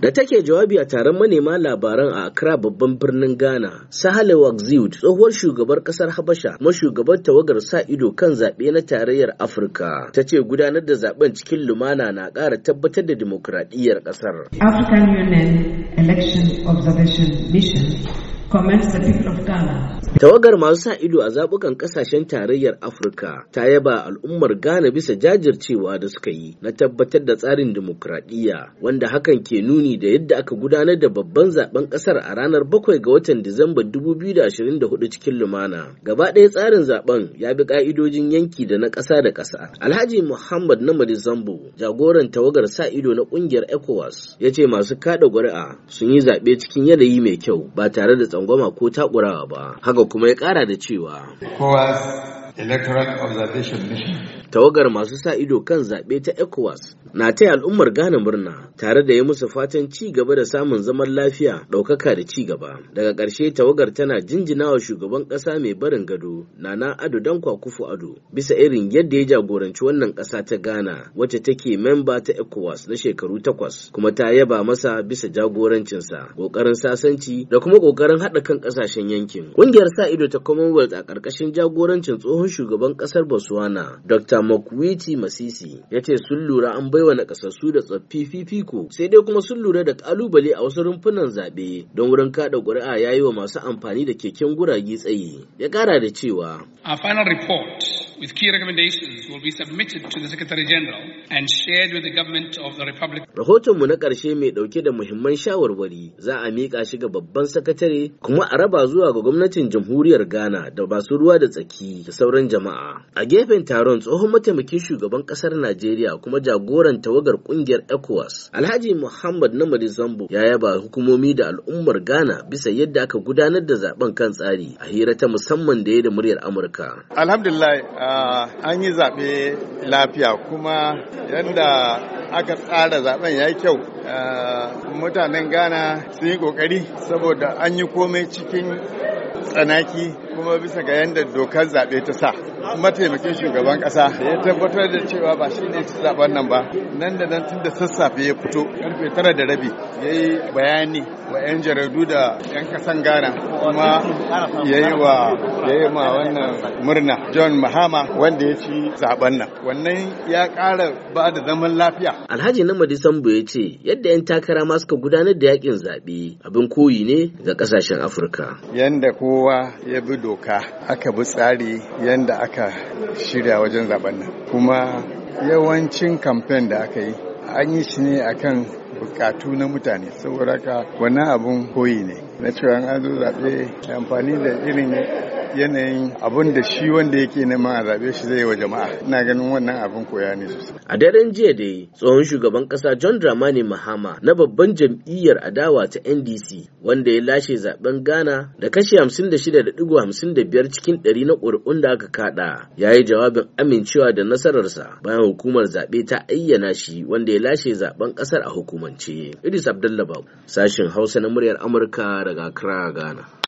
Da take jawabi a taron manema labaran a Accra babban birnin Ghana, Sahale Waxiud, tsohuwar shugabar kasar Habasha, mashugabar tawagar sa ido kan zaɓe na tarayyar Afirka, ta ce gudanar da zaben cikin lumana na ƙara tabbatar da dimokuraɗiyyar ƙasar. African Union Election Observation Mission Tawagar masu sa ido a zabukan kasashen tarayyar Afirka ta yaba al'ummar Ghana bisa jajircewa da suka yi na tabbatar da tsarin dimokuraɗiyya wanda hakan ke nuni da yadda aka gudanar da babban zaben ƙasar a ranar 7 ga watan Disamba 2024 cikin lumana. Gaba ɗaya tsarin zaben ya bi ka'idojin yanki da na ƙasa da ƙasa. Alhaji Muhammad na Zambo, jagoran tawagar sa ido na ƙungiyar ECOWAS, ya ce masu kaɗa ƙuri'a sun yi zaɓe cikin yanayi mai kyau ba tare da tsangwama ko takurawa ba haka kuma ya kara da cewa kowa Electoral Observation Mission. Tawagar masu sa ido kan zaɓe ta ECOWAS na taya al'ummar Ghana murna tare da yi musu fatan ci gaba da samun zaman lafiya ɗaukaka da ci gaba. Daga ƙarshe tawagar tana jinjinawa shugaban ƙasa mai barin gado na Nana Ado don Kufu Ado bisa irin yadda ya jagoranci wannan ƙasa ta Ghana wacce take memba ta ECOWAS na shekaru takwas kuma ta yaba masa bisa jagorancinsa ƙoƙarin sasanci da kuma ƙoƙarin haɗa kan ƙasashen yankin. Ƙungiyar sa ido ta Commonwealth a ƙarƙashin jagorancin tsohon tsohon shugaban kasar Botswana Dr. Mokwiti Masisi ya ce sun lura an baiwa nakasassu da tsaffi fifiko sai dai kuma sun lura da kalubale a wasu rumfunan zaɓe don wurin kada ƙuri'a ya yi wa masu amfani da keken guragi tsayi ya ƙara da cewa a final report with key recommendations will be submitted to the Secretary General and shared with the government of the Republic. Rahotonmu na ƙarshe mai ɗauke da muhimman shawarwari za a miƙa shi ga babban sakatare kuma a raba zuwa ga gwamnatin jamhuriyar Ghana da basu ruwa da tsaki da sauran jama'a. A gefen taron tsohon mataimakin shugaban ƙasar Najeriya kuma jagoran tawagar ƙungiyar ECOWAS Alhaji Muhammad Namadi Zambo ya yaba hukumomi da al'ummar Ghana bisa yadda aka gudanar da zaben kan tsari a hira ta musamman da ya da muryar Amurka. Alhamdulillah an yi zaɓe lafiya kuma yadda aka tsara zaɓen ya yi kyau eh, mutanen ghana sun yi ƙoƙari saboda an yi komai cikin tsanaki kuma bisa ga yadda dokar zaɓe ta sa mataimakin shugaban ƙasa ya tabbatar da cewa ba shi ne zaɓen nan ba nan da nan tun da sassafe ya fito karfe tara da rabi ya yi bayani wa 'yan jaradu da 'yan kasan ghana kuma ya yi wa ya yi ma wannan murna john mahama wanda ya ci zaɓen nan wannan ya ƙara ba da zaman lafiya alhaji na madisambu ya ce yadda 'yan takara ma suka gudanar da yakin zaɓe abin koyi ne ga ƙasashen afirka yanda kowa ya bi doka aka bi tsari yadda aka shirya wajen zaben nan kuma yawancin kamfen da aka yi an yi shi ne akan bukatu na mutane saboda ka wani abun koyi ne na cewa an zo zaɓe amfani da irin yanayin abun da shi wanda yake neman a zaɓe shi zai yi wa jama'a ina ganin wannan abin koya ne sosai a daren jiya dai tsohon shugaban kasa john dramani mahama na babban jam'iyyar adawa ta ndc wanda ya lashe zaben ghana da kashi 56.55 cikin ɗari na ƙuri'un da aka kaɗa, ya yi jawabin amincewa da nasararsa bayan hukumar zaɓe ta ayyana shi wanda ya lashe zaben ƙasar a hukumance idris abdullahi sashin hausa na muryar amurka daga accra ghana